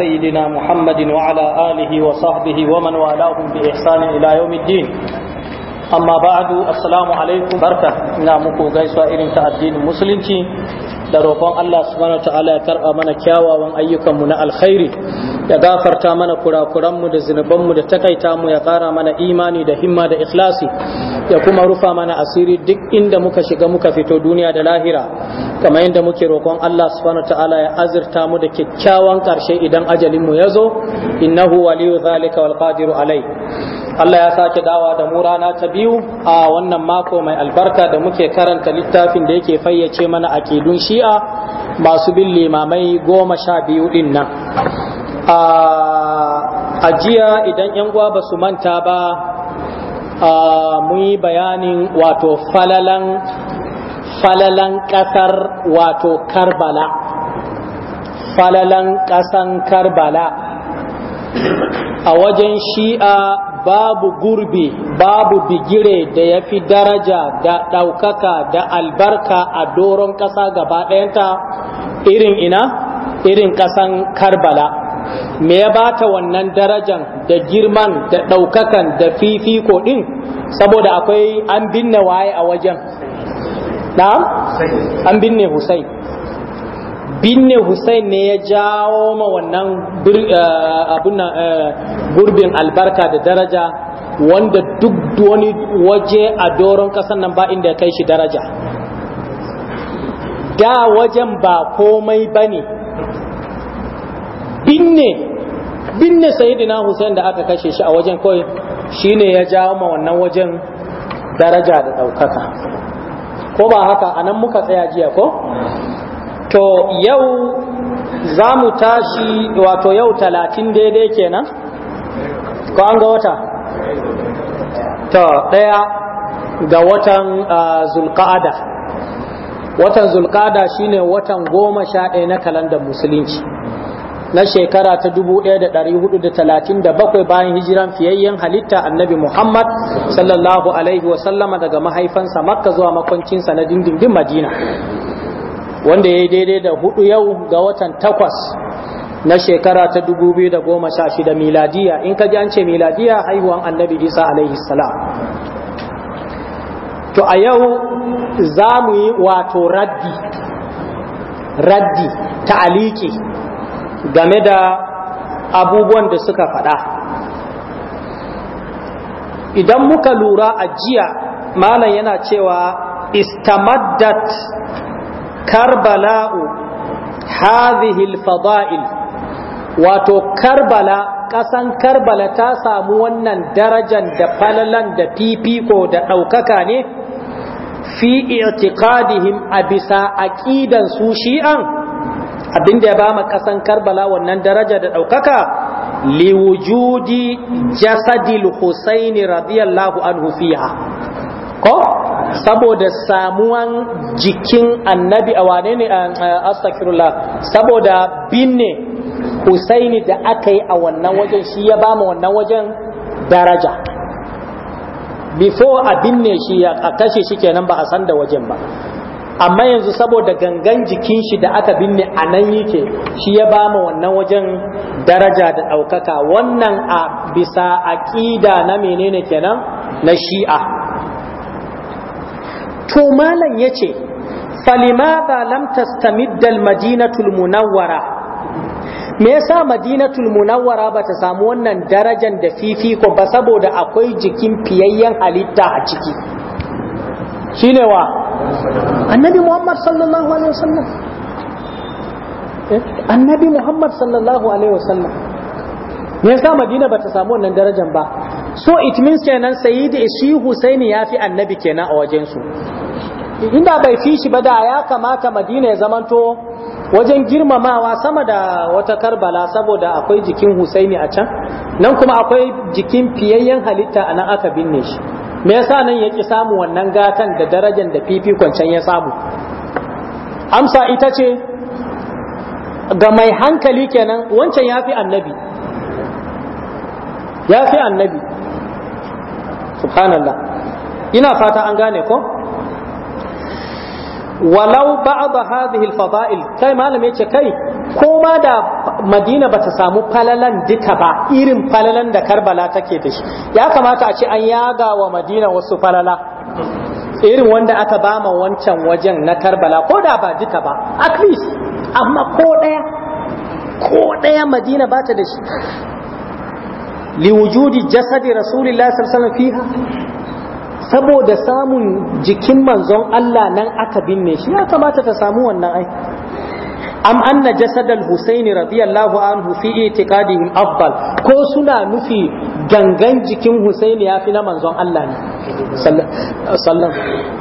سيدنا محمد وعلى آله وصحبه ومن والاهم بإحسان إلى يوم الدين أما بعد السلام عليكم بركة نامكو غيسوا إرنت الدين musulunci da roƙon Allah subhanahu wa ta'ala ya karɓa mana kyawawan ayyukanmu na alkhairi ya gafarta mana kurakuranmu da zunubanmu da takaita mu ya kara mana imani da himma da ikhlasi ya kuma rufa mana asiri duk inda muka shiga muka fito duniya da lahira kamar yadda muke roƙon Allah subhanahu ta'ala ya azirta mu da kyakkyawan ƙarshe idan ajalin mu yazo innahu waliyu zalika wal qadiru alai Allah ya sake dawa da mu rana ta biyu a wannan mako mai albarka da muke karanta littafin da yake fayyace mana kidun shi'a masu bin limamai goma sha biyu din nan a jiya idan yan uwa ba su manta ba Ah, mun yi bayanin wato falalan falalan ƙasar wato karbala falalan ƙasan karbala a wajen shi'a babu gurbi babu bigire da ya fi daraja da ɗaukaka da albarka a doron ƙasa gaba ɗayanta irin ina irin ƙasan karbala me ya bata wannan darajan da girman da ɗaukakan da fifiko ɗin saboda akwai an binne waye a wajen na an binne Hussain. binne Hussein ne ya jawo ma wannan eh, eh, gurbin albarka da daraja wanda duk wani waje a doron kasan nan ba inda ya kai shi daraja da wajen ba komai bane binne binne sayyidina Hussein da aka kashe shi a wajen kawai shine ya jawo ma wannan wajen daraja da ɗaukaka ko ba haka anan muka tsaya jiya ko to yau za mu tashi wato yau talatin daidai kenan ko an ga wata to ɗaya ga watan ah, Zulqa'ada, watan zulqa'ada shine watan goma sha ɗaya na kalandar musulunci na shekara ta 1437 bayan hijiran fiyayyen halitta annabi Muhammad sallallahu alaihi wasallama daga mahaifansa makka zuwa makwancinsa na dindindin madina wanda ya yi daidai da hudu yau ga watan takwas na shekara ta 2016 miladiya in ka ji an ce miladiya haihuwan annabi isa alaihi salam to a yau za mu yi wato raddi raddi ta aliki game da abubuwan da suka faɗa idan muka lura a jiya malam yana cewa istamaddat karbala'u hazihil fada'il wato karbala ƙasan karbala ta samu wannan darajan da falalan da fifiko da ɗaukaka ne fi i'tiqadihim a bisa aƙidan su shi'an abinda ya ba ƙasan kasan karbala wannan daraja da ɗaukaka liwujudi jasadil husain radiyallahu anhu fiha ko saboda samuwan jikin annabi a wane ne astaghfirullah saboda binne husaini da aka yi a wannan wajen shi ya ba mu wannan wajen daraja before a binne shi a kashe shi kenan ba a san da wajen ba amma yanzu saboda gangan jikin shi da aka binne a nan yake shi ya ba mu wannan wajen daraja da ɗaukaka wannan a bisa aƙida na menene kenan na shi'a to malam ya ce falimada lam tastamiddal madinatul munawwara me yasa madinatul munawwara ba ta samu wannan darajan da fifiko ba saboda akwai jikin fiyayyen halitta a ciki shine wa annabi muhammad sallallahu alaihi wasallam annabi muhammad sallallahu alaihi wasallam me yasa madina bata samu wannan darajar ba so it means kenan sayyidi shi husaini ya fi annabi kenan a wajen su inda bai fi shi ba da ya kamata madina ya zamanto wajen girmamawa sama da wata karbala saboda akwai jikin husaini a can nan kuma akwai jikin fiyayyen halitta a nan aka binne shi me yasa nan ya ki samu wannan gatan da darajar da fifikon can ya samu amsa ita ce ga mai hankali kenan wancan ya fi annabi ya fi annabi subhanallah ina fata an gane ko walau ba'd hadhihi al-fada'il kai malam yace kai ko ma da Madina ba ta samu falalan duka ba irin falalan da Karbala take da shi ya kamata a ce an yaga wa Madina wasu falala irin wanda aka bama wancan wajen na Karbala ko da ba duka ba at least amma ko daya ko daya Madina ba ta da shi liwujudi jasadi rasulillahi sallallahu alaihi wasallam fiha saboda samun jikin manzon Allah nan aka binne shi ya kamata ta samu wannan ai am anna jasadal husayn radiyallahu anhu fi itiqadihim afdal ko suna nufi gangan jikin husayn ya fi na manzon Allah ne sallam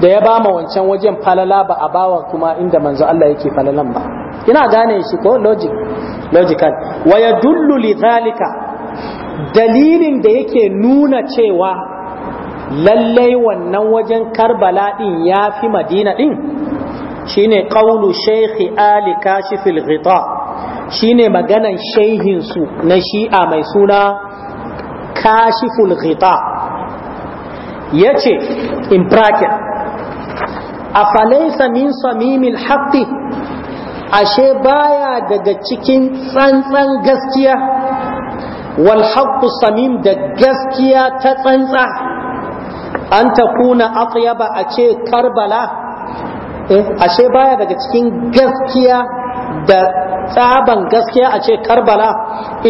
da ya bama wancan wajen falala ba a bawa kuma inda manzon Allah yake falalan ba ina gane shi ko logic logical wa yadullu lidhalika dalilin da yake nuna cewa lallai wannan wajen karbala din ya fi madina din shine qaulu shaykhi ali kashifil ghita shine maganan shehin su na shi'a mai suna kashiful ghita yace in bracket afalaysa min samimin haƙƙi, ashe baya daga cikin tsantsan gaskiya wal haqqu samim da gaskiya ta tsantsa an takuna atyaba a ce karbala eh, ashe baya daga cikin gaskiya da tsaban gaskiya a ce karbala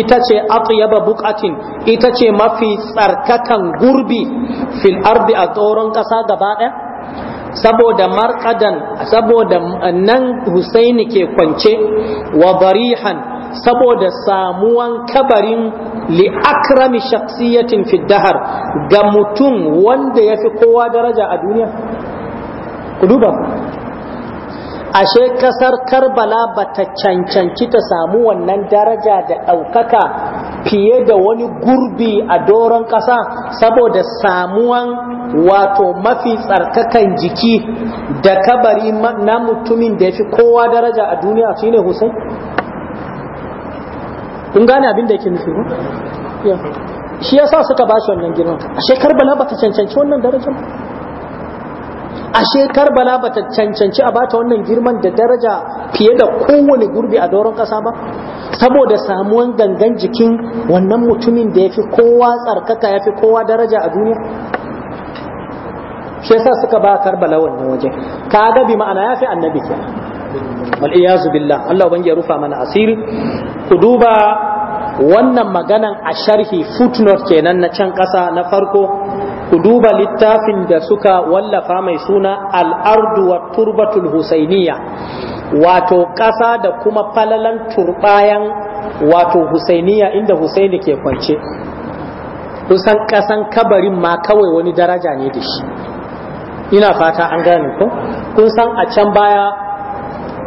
ita ce atyaba bukatin ita ce mafi tsarkakan gurbi fil arbi a tsoron kasa gaba ɗaya saboda markadan saboda eh, nan husaini ke kwance wa barihan saboda samuwan kabarin li akrami shaksiyatin fi dahar ga mutum wanda ya fi kowa daraja a duniya ku duba ashe kasar karbala ba ta cancanci ta samu wannan daraja da ɗaukaka fiye da wani gurbi a doron ƙasa saboda samuwan wato mafi tsarkakan jiki da kabari na mutumin da ya fi kowa daraja a duniya ne Hussein? kun gane abin da yake nufi shi sa suka ba shi wannan girman ashe bala ba ta cancanci wannan darajar ashe karbala ba ta cancanci a bata wannan girman da daraja fiye da kowane gurbi a doron kasa ba saboda samuwan gangan jikin wannan mutumin da ya fi kowa tsarkaka ya fi kowa daraja a duniya shi yasa suka ba karbala wannan waje ka ga ma'ana ya fi annabi ke wal iyazu billah Allah ubangi ya rufa mana asiri ku duba wannan maganan a sharhi footnote kenan na can kasa na farko ku duba littafin da suka wallafa mai suna al'ardu wa turbatul husainiya wato ƙasa da kuma falalan turbayan wato husainiya inda husaini ke kwance kusan ƙasan kabarin ma kawai wani daraja ne da shi ina fata an gane ko kun san a can baya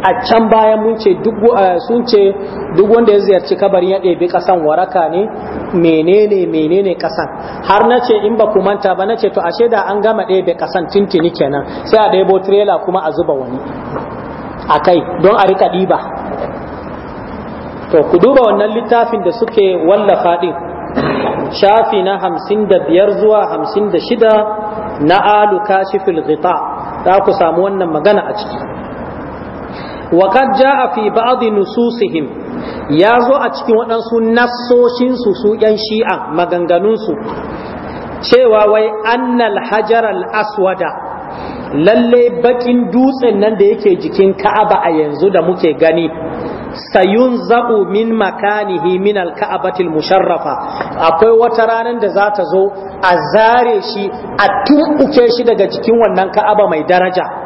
a can bayan mun ce eh, sun ce duk wanda ya ziyarci kabarin ya ɗebi ƙasan waraka ne menene menene ƙasan har na ce in ba ku manta ba na ce to ashe da an gama ɗebe ƙasan tintini kenan sai a ɗebo tirela kuma a zuba wani a kai don a rika ɗiba to ku duba wannan littafin da suke wallafa ɗin shafi na hamsin da biyar zuwa hamsin da shida na alu kashifil ghita za ku samu wannan magana a ciki wa Ja'afi jaa fi ba'd nususihim ya zo a cikin waɗansu nassoshin su su yan shi'a maganganun su cewa wai annal hajar aswada lalle bakin dutsen nan da yake jikin ka'aba a yanzu da muke gani sayun zaɓu min makanihi min mu musharrafa akwai wata ranar da za ta zo a zare shi a tumbuke shi daga jikin wannan ka'aba mai daraja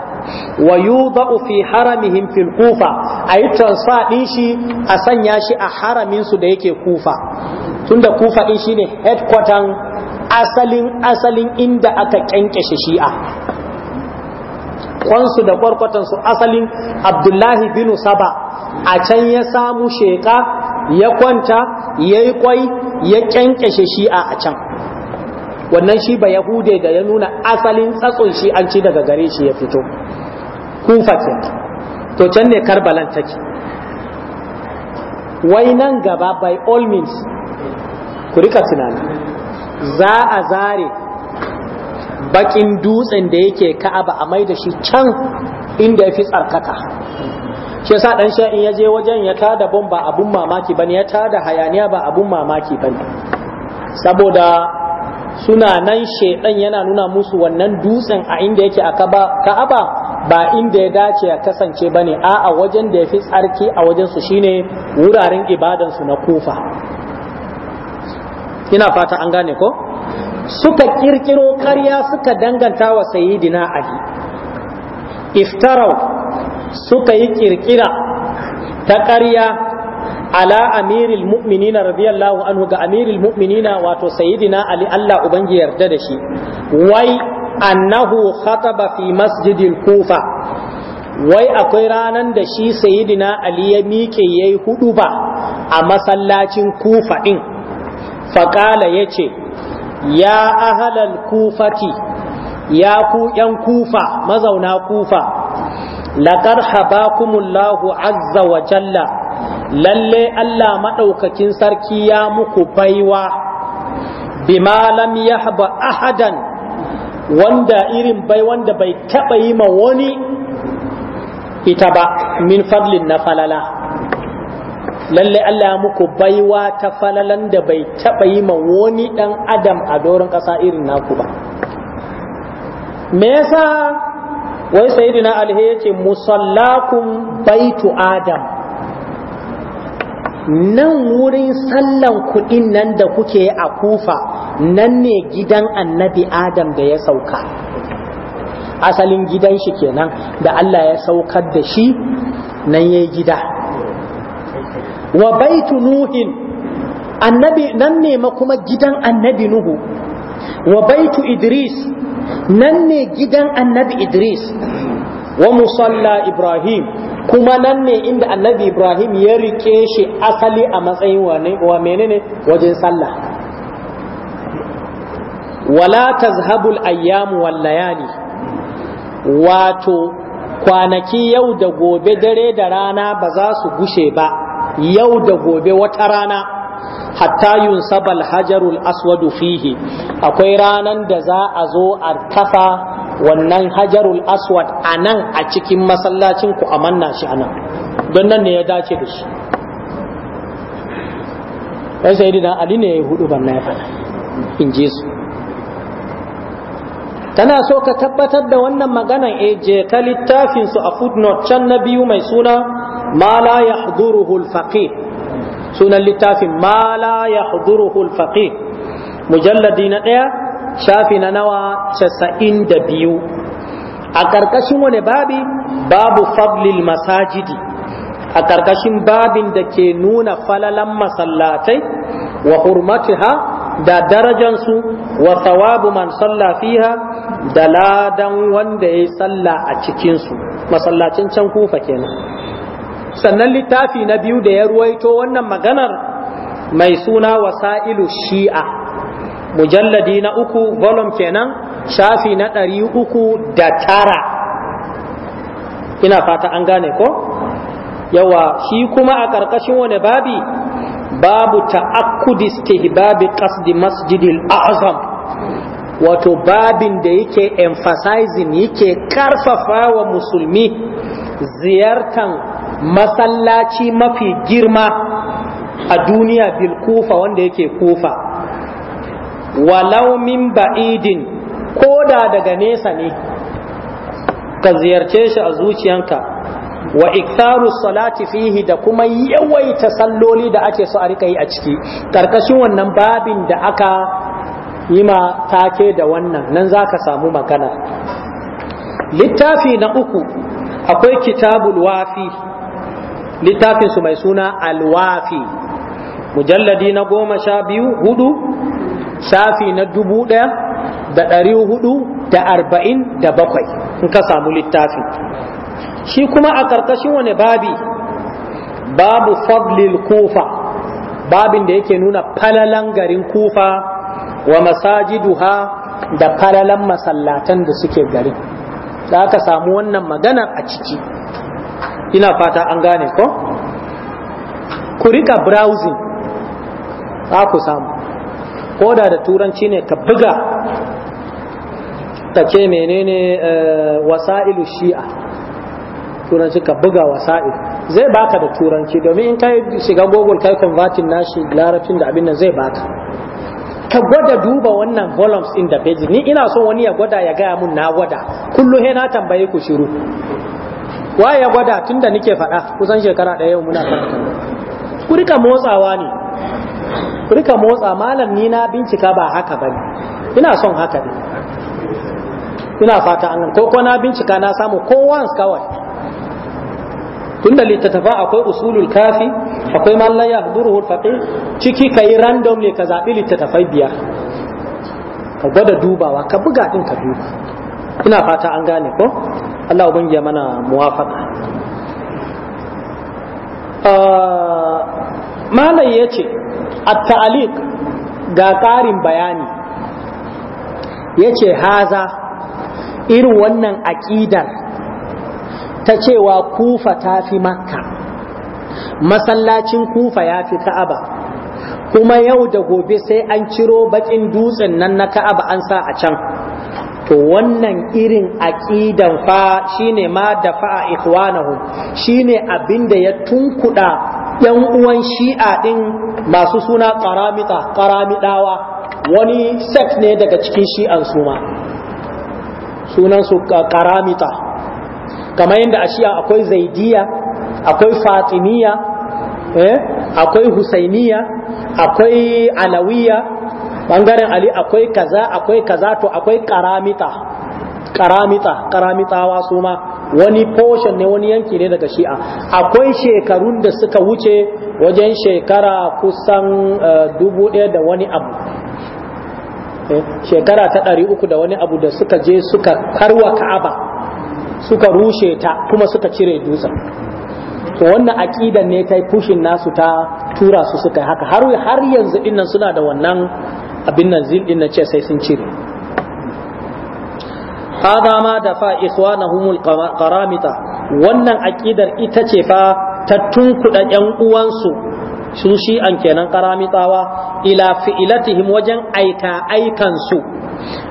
wa yudau fi haramihim fil kufa ayi tansa ɗin shi a sanya shi a haraminsu da yake kufa tunda kufa din shine headquarter asalin asalin inda aka kyankyashe shi'a kwansu da kwarkwatansu asalin abdullahi binu saba a can ya samu sheka ya kwanta ya yi kwai ya kyankyashe shi'a a can wannan shi ba yahude da ya nuna asalin tsatsun shi an ci daga gare shi ya fito kufa ce to can ne karbalan take wai nan gaba by all means ku rika tunani za a zare bakin dutsen da yake ka'aba a mai da shi can inda ya fi tsarkaka Ke sa dan sha'in ya je wajen ya ta da ba abun mamaki bane ya da hayaniya ba abun mamaki bane saboda suna nan shedan yana nuna musu wannan dutsen a inda yake a ka'aba ba inda ya dace ya kasance bane a'a wajen da ya fi tsarki a wajen su shine wuraren ibadan su na kufa ina fata an gane ko suka kirkiro karya suka danganta wa sayyidina ali iftarau suka yi kirkira ta karya ala amiril mu'minina radiyallahu anhu ga amiril mu'minina wato sayyidina ali Allah ubangi yarda da shi wai annahu khataba fi masjidil kufa wai akwai ranan da shi sayidina ali ya miƙe yayi hudu ba a masallacin kufa ɗin? faƙala ya ce ya ahalal kufati ya ku ‘yan kufa mazauna kufa laƙar habakumullahu azza wa jalla lalle Allah maɗaukakin sarki ya muku baiwa bima lam yahba ahadan wanda irin bai wanda bai taɓa yi ma wani ita ba min fadlin na falala lallai Allah muku baiwa ta falalan da bai taɓa yi ma wani ɗan adam a doron ƙasa irin naku ba me yasa wai sayidina alhe yace musallakum baitu adam nan wurin sallan kuɗin nan da kuke a kufa nan ne gidan annabi adam da ya sauka asalin gidan shi kenan da Allah ya saukar da shi nan ya gida wa baitu nuhin annabi nan ne ma kuma gidan annabi nuhu wa baitu idris nan ne gidan annabi idris wa musalla ibrahim kuma nan ne inda annabi ibrahim ya rike shi asali a matsayin wa menene wajen sallah wala tazhabul ayyamu wal layali wato kwanaki yau da gobe dare da rana ba za su gushe ba yau da gobe wata rana hatta yun sabal hajarul aswadu fihi akwai ranan da za a zo a kafa wannan hajarul aswad anan a cikin masallacin ku a manna shi anan don nan ne ya dace da shi sai sayyidina ali ne ya hudu ban ya fada in ji su tana so ka tabbatar da wannan maganan eh je ta littafin su a footnote can na biyu mai suna ma la yahdhuruhu faqih sunan littafin ma la yahduruhu al-faqih mujalladi na ɗaya shafi na nawa casa'in da biyu. a ƙarƙashin wani babi babu fablil masajidi a ƙarƙashin babin da ke nuna falalan masallatai wa hurmatiha da darajansu wa thawabu man salla da ladan wanda ya salla a cikinsu masallacin can kufa kenan sannan littafi na biyu da ya ruwaito wannan maganar mai suna wasa'ilu shi'a mujalladi na uku volume kenan shafi na ɗari uku da tara ina fata an gane ko yawa shi kuma a ƙarƙashin wani babi babu ta'akkudi istihbabi qasdi masjidil azam wato babin da yake emphasizing yake karfafa wa musulmi ziyartan masallaci mafi girma a duniya bilkufa wanda yake kufa walau min ba'idin ko da daga nesa ne ka ziyarce shi a zuciyanka wa iktaru salati fihi da kuma yawaita salloli da ake so a rika yi a ciki Ƙarƙashin wannan babin da aka yi ma take da wannan nan za ka samu magana littafi na uku akwai kitabul wafi littafin su mai suna alwafi mujalladi na goma sha biyu hudu shafi na dubu daya da ɗari hudu da arba'in da bakwai in ka samu littafi. shi kuma a ƙarƙashin wani babi babu fadlil kufa babin da yake nuna falalan garin kufa wa masajiduha da falalan masallatan da suke garin da aka samu wannan magana a ciki ina fata an gane ko ku rika browsing za ku samu ko da da turanci ne ka buga ta ce menene eh, wasa'ilu shi'a turanci ka buga wasa'ilu zai baka da turanci domin in ka shiga google kai converting nashi larabcin da abin nan zai baka ka gwada duba wannan volumes in da page ni ina son wani ya gwada ya gaya mun na gwada kullum he na tambaye ku shiru wa ya gwada tun da nike faɗa kusan shekara ɗaya yau muna karatu ku rika motsawa ne ku rika motsa malam ni na bincika ba haka ba ne ina son haka ne ina fata an ko ko na bincika na samu ko once kawai tunda littattafa akwai usulul kafi akwai mallaya ya yahduruhu faqih ciki kai random ne ka zabi littattafai biyar ka gwada dubawa ka buga din ka duba ina fata an gane ko Allah ubangi ya mana muwafaka ah, malai ya ce at-ta'aliq ga ƙarin bayani ya ce haza irin wannan aƙidar ta cewa kufa ta fi makka masallacin kufa ya fi ka'aba kuma yau da gobe sai an ciro bakin dutsen nan na ka'aba an sa a can to wannan irin aqidan fa shine ma dafa'a ikhwanahu shine abinda ya tunkuda yan uwan shi'a din masu suna qaramita qaramidawa wani sect ne daga cikin shi'an su ma sunan su qaramita kamar yadda a shi'a akwai zaidiya akwai fatimiya eh akwai husainiya akwai Alawiyya. bangaren ali akwai kaza akwai kaza to akwai karamita karamita karamitawa su ma wani portion ne wani yanki ne daga shi'a akwai shekarun da suka wuce wajen shekara kusan eh, dubu ɗaya da wani abu eh, shekara ta ɗari uku da wani abu da suka je suka karwa ka'aba suka rushe ta kuma suka cire dutsen to wannan aƙidan ne ta yi fushin nasu ta tura su suka haka har yanzu dinnan suna da wannan abin nan zil na ce sai sun cire hada ma da fa ikhwanahumul qaramita wannan aqidar ita ce fa ta tunkuda yan uwansu su shi an kenan qaramitawa ila fi'latihim wajen aika aikan su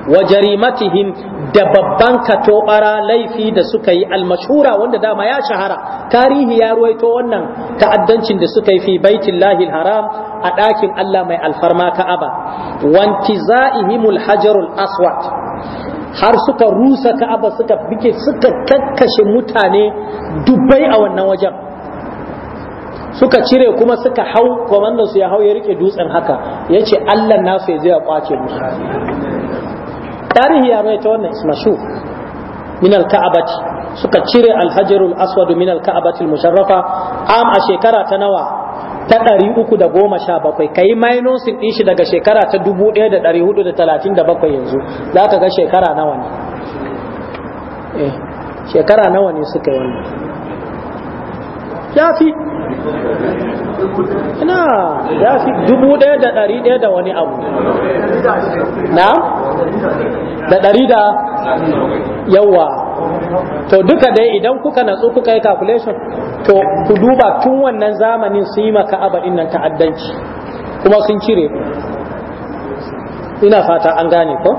wa jarimatihim da babban katobara laifi da suka yi almashura wanda dama ya shahara tarihi ya ruwaito wannan ta'addancin da suka yi fi baitillahi haram a ɗakin Allah mai alfarma ka'aba wantiza'ihimul hajarul aswad har suka rusa ka'aba suka bike suka kakkashe mutane dubbai a wannan wajen suka cire kuma suka hau kwamandan su ya hau ya riƙe dutsen haka ya ce Allah nasu ya zai ya kwace musu tarihi ya rawaito wannan ismashu min al-ka'abati suka cire al-hajarul aswad min al-ka'abati al-musharrafa am a shekara ta nawa ta 317 kai minus din shi daga shekara ta 1437 yanzu zaka ga shekara nawa ne eh shekara nawa ne suka yi wannan yafi na ya fi dubu ɗaya da ɗari ɗaya da wani abu na da ɗari da yawa to duka dai idan kuka natsu kuka yi calculation to ku duba tun wannan zamanin su yi maka abadin nan ta'addanci kuma sun cire ina fata an gane ko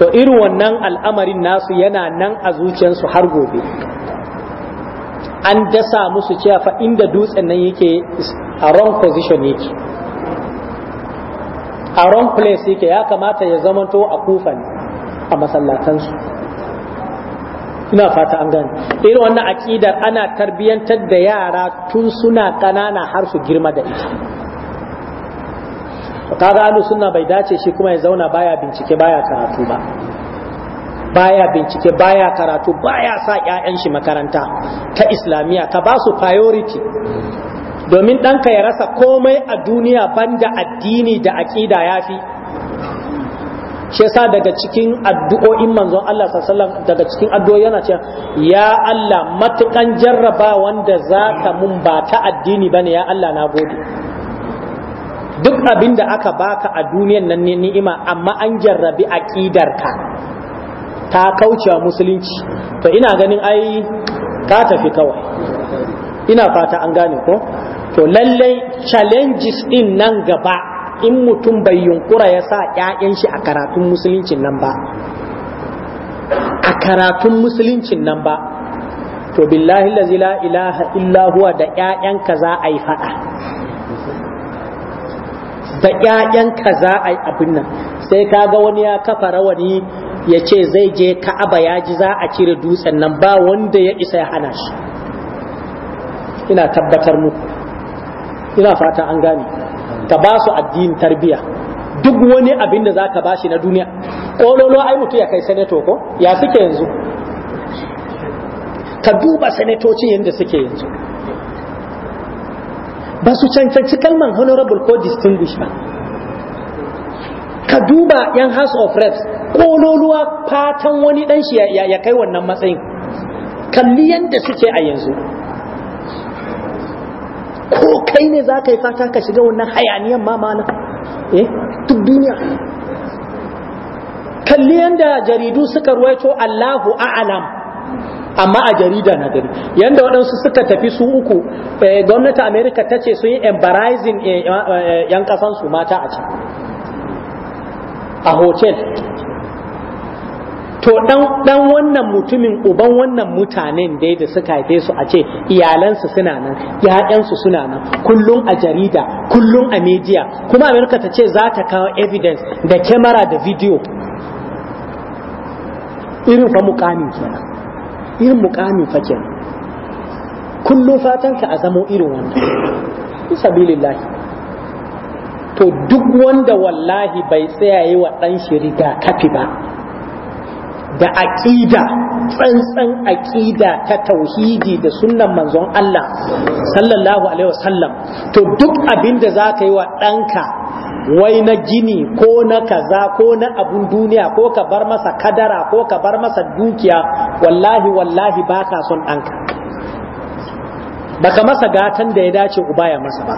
to irin wannan al'amarin nasu yana nan a zuciyarsu har gobe an dasa musu cewa fa inda dutsen nan yake a wrong position yake a wrong place yake ya kamata ya zamanto a kufan a a masallatansu ina fata an gani irin wannan aƙidar ana tarbiyyantar da yara tun suna ƙanana har su girma da ita kaga suna sunna bai dace shi kuma ya zauna baya bincike baya karatu ba baya bincike baya karatu baya sa 'ya'yan shi makaranta ta islamiyya ka ba su priority domin ɗanka ya rasa komai a duniya banda addini da aƙida ya fi shi yasa daga cikin addu'o'in manzon Allah sallallahu daga cikin addu'o'i yana cewa ya Allah matukan jarraba wanda zaka mun ba ta addini bane ya Allah na gode duk abinda aka baka a duniyan nan ne ni'ima amma an jarrabi ka. ta kaucewa musulunci to ina ganin ai ka tafi kawai ina fata an gane ko to lallai challenges din nan gaba in mutum bai yunkura ya sa ƴaƴan shi a karatun musuluncin nan ba a karatun musuluncin nan ba to billahi lazi la ilaha illa huwa da ka za a yi faɗa da ka za a yi abin nan sai kaga wani ya kafa rawani ya ce zai je ka'aba ya ji za a cire dutsen nan ba wanda ya isa ya hana shi ina tabbatar muku ina fata an gane ka ba su addinin tarbiya duk wani abin da za ka ba shi na duniya ƙololo ai mutu ya kai sanato ko ya suke yanzu ka duba sanatoci yadda suke yanzu ba su cancanci kalman honorable ko distinguished ba ka duba yan house of reps kololuwa fatan wani dan shi ya kai wannan matsayin kalli yadda suke a yanzu ko kai ne za ka yi fata ka shiga wannan hayaniyan mamana? eh duk duniya kalli yadda jaridu suka ruwaito Allahu a'lam amma a jarida na gari yadda waɗansu suka tafi su uku eh, gwamnati america ta ce sun yi embarazin eh, eh, yan kasansu mata a can a hotel to dan wannan mutumin uban wannan mutanen dai da suka haife su a ce iyalansu suna nan ƴaƴansu suna nan kullum a jarida kullum a media kuma Amurka ta ce za ta kawo evidence da kyamara da video irin fa mukamin kenan irin mukamin fa kenan kullum fatan ka a zamo irin wannan sabilillahi to duk wanda wallahi bai tsaya yi wa dan shi kafi ba da aƙida tsantsan aƙida ta tauhidi da sunnan manzon Allah sallallahu alaihi wasallam to duk abin da za ka yi wa ɗanka wai na gini ko na kaza ko na abun duniya ko ka bar masa kadara ko ka bar masa dukiya wallahi wallahi ba ka son ɗanka baka masa gatan da ya dace uba ya masa ba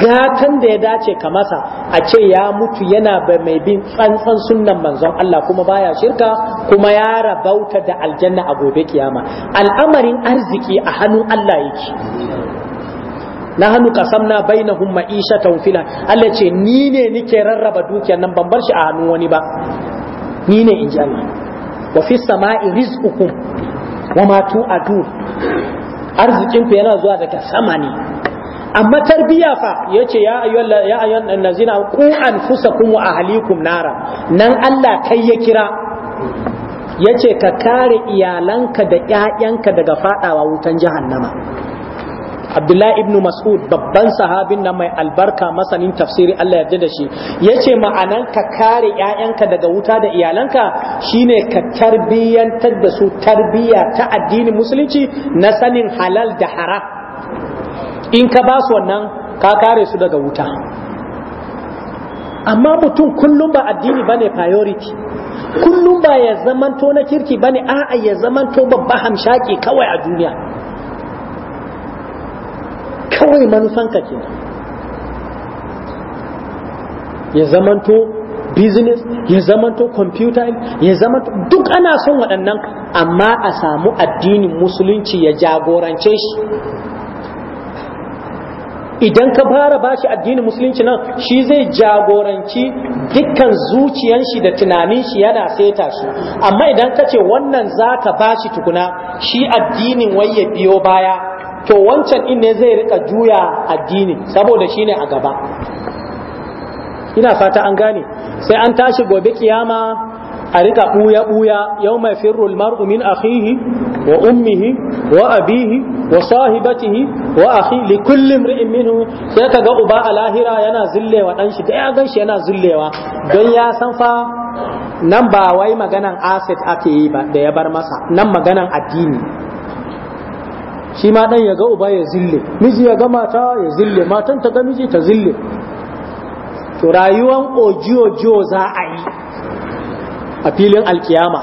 gatan da ya dace ka masa a ce ya mutu yana mai bin tsantsan sunnan manzon Allah kuma baya shirka kuma ya rabauta da aljanna a gobe kiyama al'amarin arziki a hannun Allah yake na hannu kasamna bainahum ta fila Allah ce ni ne nike rarraba dukiyar nan ban bar shi a hannun wani ba ni ne in ji Allah wa fi sama'i rizqukum wa ma tu'adun arzikin ku yana zuwa daga sama ne amma tarbiya fa yace ya ayyuhal ya ayyuhan nazina qu anfusakum wa ahlikum nara nan Allah kai ya kira ya ce ka kare iyalanka da ‘ya'yanka daga faɗawa wutan nama abdullahi ibn mas'ud babban sahabin nan mai albarka masanin tafsiri Allah yarda da shi yace ma'anan ka kare ƴaƴanka daga wuta da iyalanka shine ka tarbiyantar da su tarbiyya ta addinin musulunci na sanin halal da haram in ka ba su wannan ka kare su daga wuta amma mutum kullum ba addini bane priority kullum ba ya zamanto na kirki bane a'a ya zamanto babba hamshaki kawai a duniya kawai manufanka ke ya zamanto business ya zamanto computer ya zamanto duk ana son waɗannan amma a samu addinin musulunci ya jagorance shi idan ka fara bashi addinin musulunci nan shi zai jagoranci dukkan zuciyan shi da tunanin shi yana seta shi amma idan ka ce wannan zaka bashi tukuna shi addinin wai ya biyo baya to wancan in ne zai rika juya addini saboda shine a gaba ina fata an gane sai an tashi gobe kiyama a rika buya buya yau mai firrul mar'u min akhihi wa ummihi wa وأبيه وصاحبته وأخي لكل امرئ منه سيكا أبا الاهرة ينا زلي وأنشي يا yana ينا زلي ya san fa nan ba wai maganan asset ake yi ba da ya bar masa nan maganan addini shi ma dan ya ga uba ya zille miji ya ga mata ya zille matan ta ga miji ta zille to rayuwan ojiyo za a yi a filin alkiyama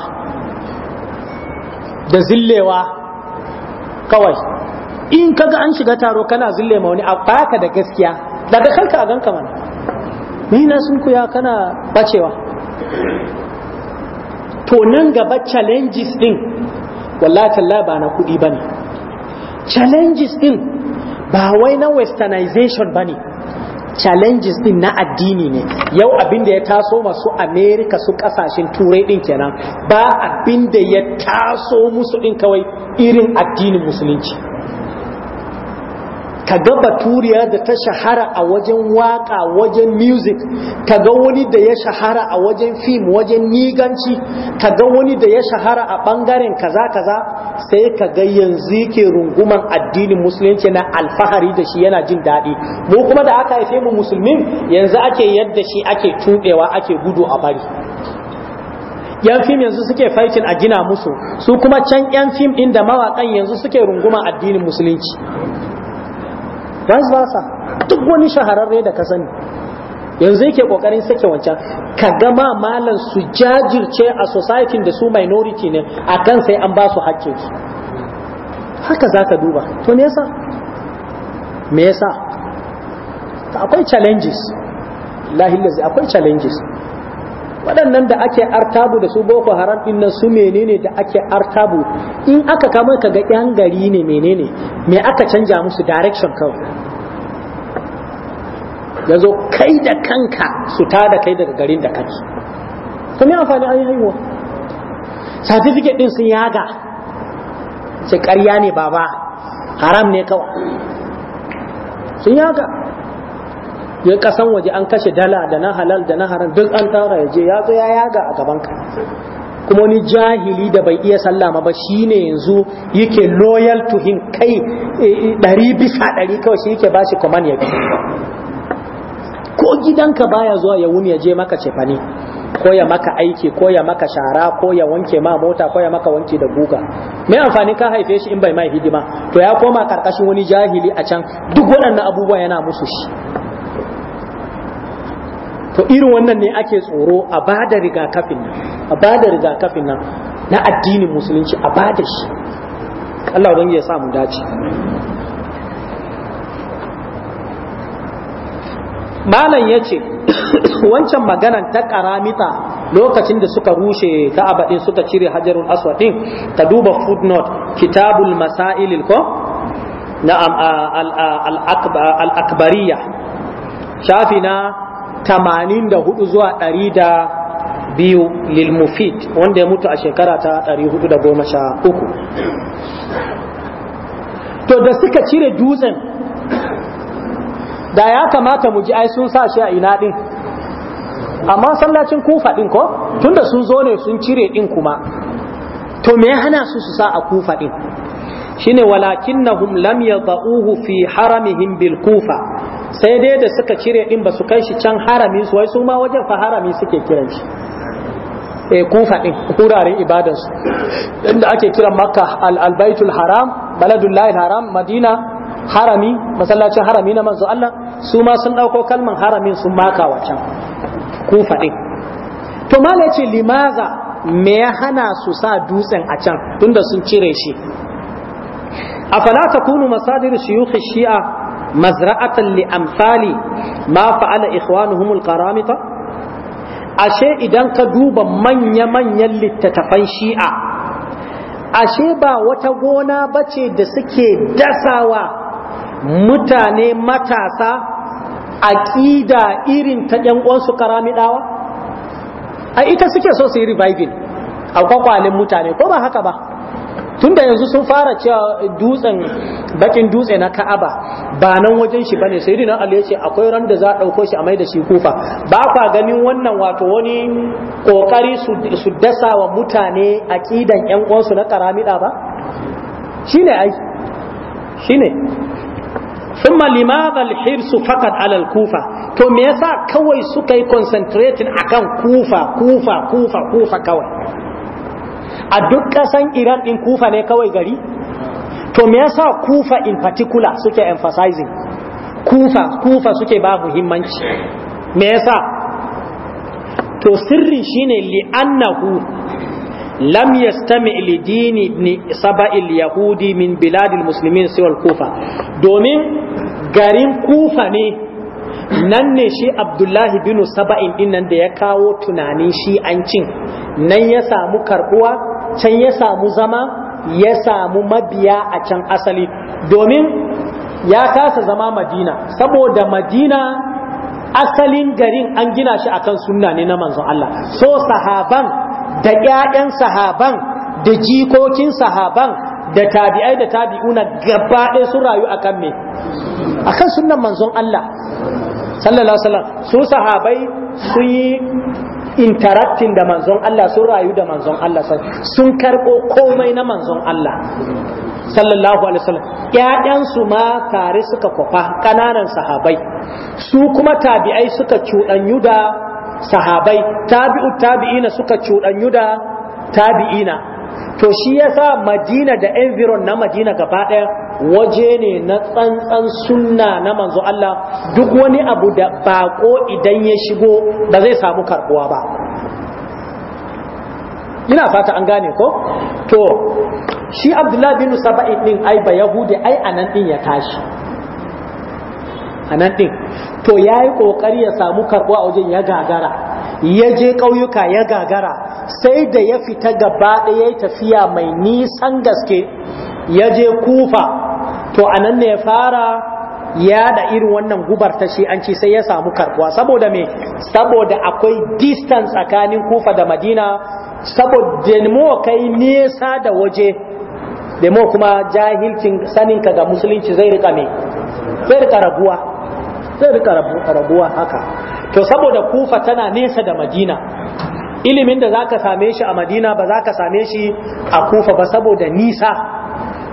da zillewa kawai in kaga an shiga taro kana zille ma a baka da gaskiya daga kanka a ganka mana ni na sun kuya kana bacewa to nan gaba challenges din wallahi talla ba na kudi bane challenges din ba wai na westernization bane challenges din na addini ne yau abin da ya taso masu Amerika su kasashen turai din kenan ba abin da ya taso musu din kawai irin addinin musulunci ka ga baturiya da ta shahara a wajen waka wajen music ka ga wani da ya shahara a wajen fim wajen niganci ka ga wani da ya shahara a bangaren kaza kaza sai ka ga yanzu ke runguman addinin musulunci na alfahari da shi yana jin daɗi mu kuma da aka haife mu musulmin yanzu ake yadda shi ake tuɗewa ake gudu a bari yan fim yanzu suke fightin a gina musu su kuma can yan fim inda da mawaƙan yanzu suke runguma addinin musulunci vice versa duk wani shahararre da ka sani yanzu yake kokarin sake wancan ka gama malan su jajirce a society da su minority ne a kan sai an ba su hakkin su haka za ka duba to me yasa me yasa akwai challenges lahi akwai challenges waɗannan da ake artabu da su boko haram ɗin nan su menene da ake artabu in aka kama ka ga yan gari ne menene me aka canja musu direction kawai zo kai da kanka su ta da kai daga garin da kake kuma ya amfani an yi haihuwa certificate ɗin sun yaga sai ƙarya ne baba haram ne kawai sun yaga ya kasan waje an kashe dala da na halal da na haram duk an tara ya je ya zo ya yaga a gaban ka kuma wani jahili da bai iya sallama ba shine yanzu yake loyal to him kai eh, eh, ɗari bisa ɗari kawai shi yake bashi command ya ko gidanka baya zuwa ya wuni ya je maka cefani, ko ya maka aiki ko ya maka shara ko ya wanke ma mota ko ya maka wanke da guga mai amfani ka haife shi in bai mai hidima to ya koma karkashin wani jahili a can duk waɗannan abubuwa yana musu shi to irin wannan ne ake tsoro a bada rigakafin nan a bada rigakafin nan na addinin musulunci a bada shi Allah ya sa mu dace malam ya ce wancan maganan ta karamita lokacin da suka rushe ka'aba din suka cire hajarun aswadin ta duba footnote kitabul masailil ko na al-akbariya shafi na Tamanin 84 zuwa da lil mufid wanda ya mutu a shekara ta 413 to da suka cire dutsen da ya kamata mu ji ai sun sa shi a ina din amma sallacin kufa din ko tunda sun zo ne sun cire din kuma to me ya hana su su sa a kufa din shine walakinnahum lam yadauhu fi haramihim bil kufa sai dai da suka cire din ba su kai shi can harami su wai su ma wajen fa harami suke kiran shi e kufa din wuraren ibadar su inda ake kiran makka al-albaitul haram baladullahi haram madina harami masallacin harami na manzo Allah su ma sun dauko kalman haramin sun maka wacan kufa din to mala limaza me ya hana su sa dutsen a can tunda sun cire shi afala takunu masadir shuyukh shi'a mazra'atan li amsali ma fa'ala ikhwanuhumul qaramita ashe idan ka duba manya-manyan littattafan shi'a ashe ba wata gona bace da suke dasawa mutane matasa aƙida irin ta ‘yan uwansu karamidawa? A ita suke so su yi reviving a kwakwalin mutane, ko ba haka ba? tunda yanzu sun fara cewa dutsen bakin dutse na Ka'aba ba nan wajen shi bane sayyidina Ali yace akwai ran da za a dauko shi a maida shi Kufa ba kwa ganin wannan wato wani kokari su dasa wa mutane aqidan yan uwansu na karamida ba shine ai shine al لماذا faqat ala al kufa, to me yasa kawai suka yi concentrating akan kufa kufa kufa kufa kawai a duk ƙasan iran ɗin kufa ne kawai gari to me yasa kufa in particular suke emphasizing kufa kufa suke ba muhimmanci me yasa to sirri shine li'annahu lam yastami li dini ibn saba'il yahudi min biladil muslimin siwal kufa domin garin kufa ne nan ne shi abdullahi bin saba'in dinnan da ya kawo tunanin shi an cin nan ya samu karbuwa can ya samu zama ya samu mabiya a can asali domin ya kasa zama madina saboda madina asalin garin an gina shi a kan suna ne na manzon Allah so sahaban da ƴaƴan sahaban da jikokin sahaban da tabi'ai da tabi'una gaba ɗaya sun rayu akan me kan sunan manzon Allah sallallahu alaihi wasallam su sahabai sun yi interacting da manzon Allah sun rayu da manzon Allah sun karɓo komai na manzon Allah sallallahu alaihi wasallam su ma tare suka kwafa kananan sahabai su kuma tabi'ai suka cuɗanyu da sahabai tabi'u tabi'ina suka cuɗanyu da tabi'ina to shi yasa Madina da environ na Madina gaba ɗaya waje ne na tsantsan sunna na manzo Allah duk wani abu da bako idan ya shigo ba zai samu karbuwa ba ina fata an gane ko to shi abdullahi bin saba'i din ai ba yahudi ai anan din ya tashi anan din to yayi kokari ya samu karbuwa wajen ya gagara ya je ƙauyuka ya gagara sai da ya fita gaba ɗaya tafiya mai nisan gaske ya je kufa to anan ne ya fara da irin wannan gubar ta shi an ci sai ya samu karbuwa saboda me saboda akwai distance tsakanin kufa da madina saboda nemo kai nesa da waje nemo kuma jahilcin saninka ga musulunci zai rika me zai rika rabuwa zai rika rabuwa haka to saboda kufa tana nesa da madina ilimin da zaka same shi a madina ba zaka same shi a kufa ba saboda nisa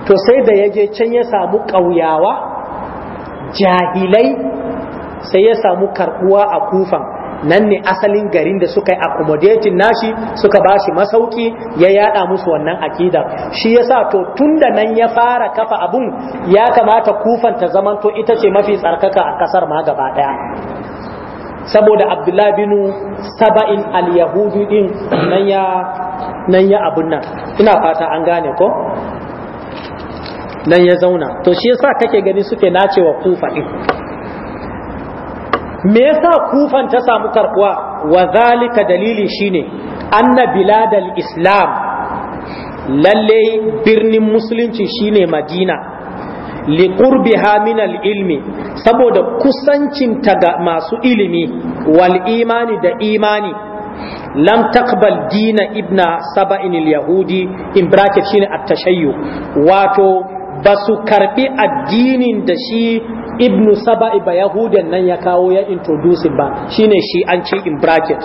to sai da ya je can ya samu ƙauyawa jahilai sai ya samu karɓuwa a kufan nan ne asalin garin da suka yi accommodating nashi suka ba shi masauki ya yada musu wannan akida shi ya sa to tun da nan ya fara kafa abun ya kamata kufan ta to ita ce mafi tsarkaka a kasar ma gaba daya saboda abdullah binu saba'in al-yahudu din nan ya nan ya abun nan ina fata an gane ko nan ya zauna to shi yasa kake gani suke nacewa kufa din me yasa kufan ta samu karbuwa wa zalika dalili shine anna islam lalle birnin musulunci shine madina li qurbiha min al ilmi saboda kusancin ta ga masu ilimi wal imani da imani lam taqbal dina ibna saba'in al yahudi in bracket shine at tashayyu wato ba su karfi addinin da shi Ibn saba'i ba yahudan nan ya kawo ya introduce ba shine shi an ce in bracket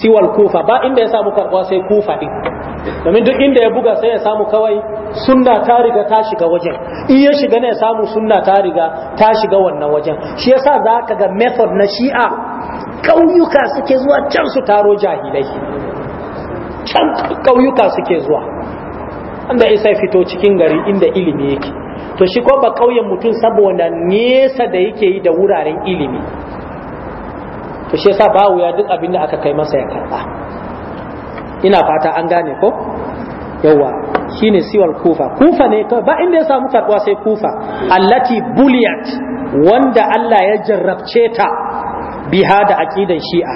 siwal kufa ba inda ya samu karɓuwa sai kufa ɗin domin duk inda ya buga sai ya samu kawai sunna ta riga ta shiga wajen in ya shiga ne ya samu sunna ta riga ta shiga wannan wajen shi yasa za ka ga method na shi'a ƙauyuka suke zuwa can su taro jahilai can ƙauyuka suke zuwa wanda isa fito cikin gari inda ilimi yake to shi ko ba kauyen mutum saboda nesa da yake yi da wuraren ilimi to shi yasa bawu ya duk abin da aka kai masa ya karba ina fata an gane ko yawa shine siwal kufa kufa ne ba inda ya samu karbuwa sai kufa allati buliyat wanda Allah ya jarrabce ta biha da aqidan shi'a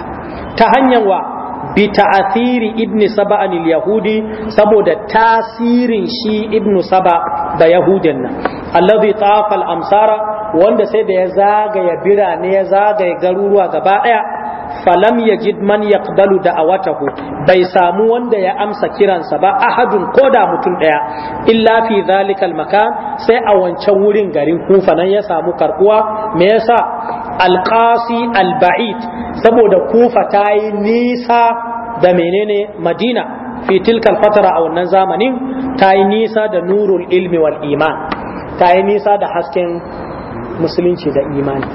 ta hanyar wa bi ta'asiri ibn saba anil yahudi saboda tasirin shi ibn saba da yahudin nan allazi tafa al amsara wanda sai da ya zagaya birane ya zagaya garuruwa gaba daya falam yajid man yaqbalu da'awatahu bai samu wanda ya amsa kiransa ba ahadun koda mutum daya illa fi zalikal makan sai a wancan wurin garin kufa nan ya samu karkuwa me yasa alƙasi alba'id saboda kufa ta yi nisa da menene madina fi tilkal fatara a wannan zamanin ta yi nisa da nurul ilmi wal iman ta yi nisa da hasken musulunci da imani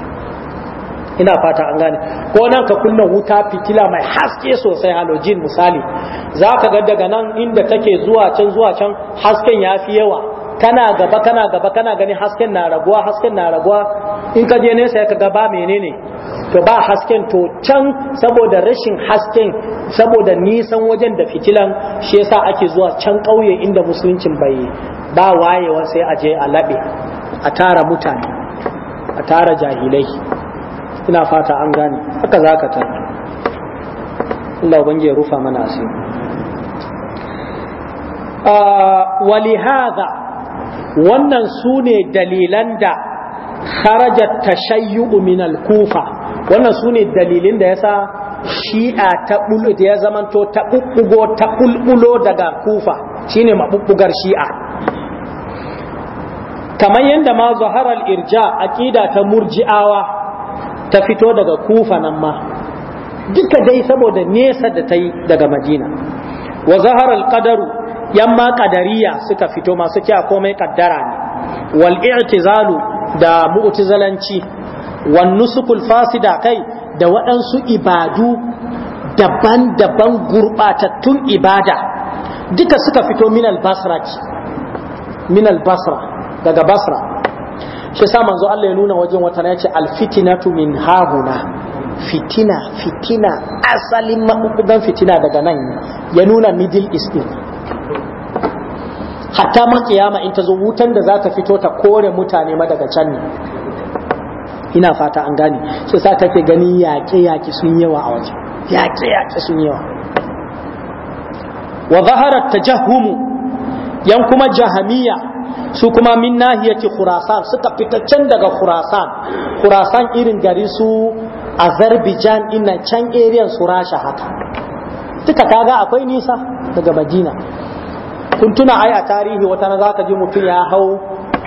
ina fata an gane ko nan ka kunna wuta fitila mai haske sosai halogin misali za ka ga daga nan inda take zuwa can zuwa can hasken ya fi yawa kana gaba kana gaba kana gani hasken na raguwa hasken na raguwa in ka je nesa ya kaga ba menene to ba hasken to can saboda rashin hasken saboda nisan wajen da fitilan shi yasa ake zuwa can ƙauye inda musuluncin bai ba wayewa sai a je a labe a tara mutane a tara jahilai ina fata an gane haka zaka tara Allah ubangiji ya rufa mana asiri ah, walihada wannan su ne dalilan da kharajat tashayyu min al-kufa wannan sune dalilin da yasa shi'a ta bulu da ya zamanto ta bubbugo ta bulbulo daga kufa shine mabubbugar shi'a kamar yanda ma zahara al-irja aqida ta murji'awa ta fito daga kufa nan ma duka dai saboda nesa da ta daga madina wa zahara al-qadaru yamma qadariya suka fito masu kiya komai kaddara ne wal i'tizalu da mu'tazalanci wan nusukul fasida kai da waɗansu ibadu daban-daban gurɓatattun ibada duka suka fito min al basra al basra daga basra shi sa manzo Allah ya nuna wajen wata yace al alfitinatu min hahuna fitina fitina asalin maɓuɓɓugan fitina daga nan ya nuna middle east hatta ma kiyama in ta zo wutan da za ta fito ta kore mutane ma daga can ne ina fata an gane sai sa take gani yaƙe yaƙe sun yawa a waje yaƙe yaƙe sun yawa wa zaharat tajahumu yan kuma jahamiya su kuma min nahiyati khurasan suka fita can daga khurasan khurasan irin gari su azerbaijan ina can area su rasha haka duka kaga akwai nisa daga madina kun tuna ai a tarihi wata na zaka ji mutum ya hau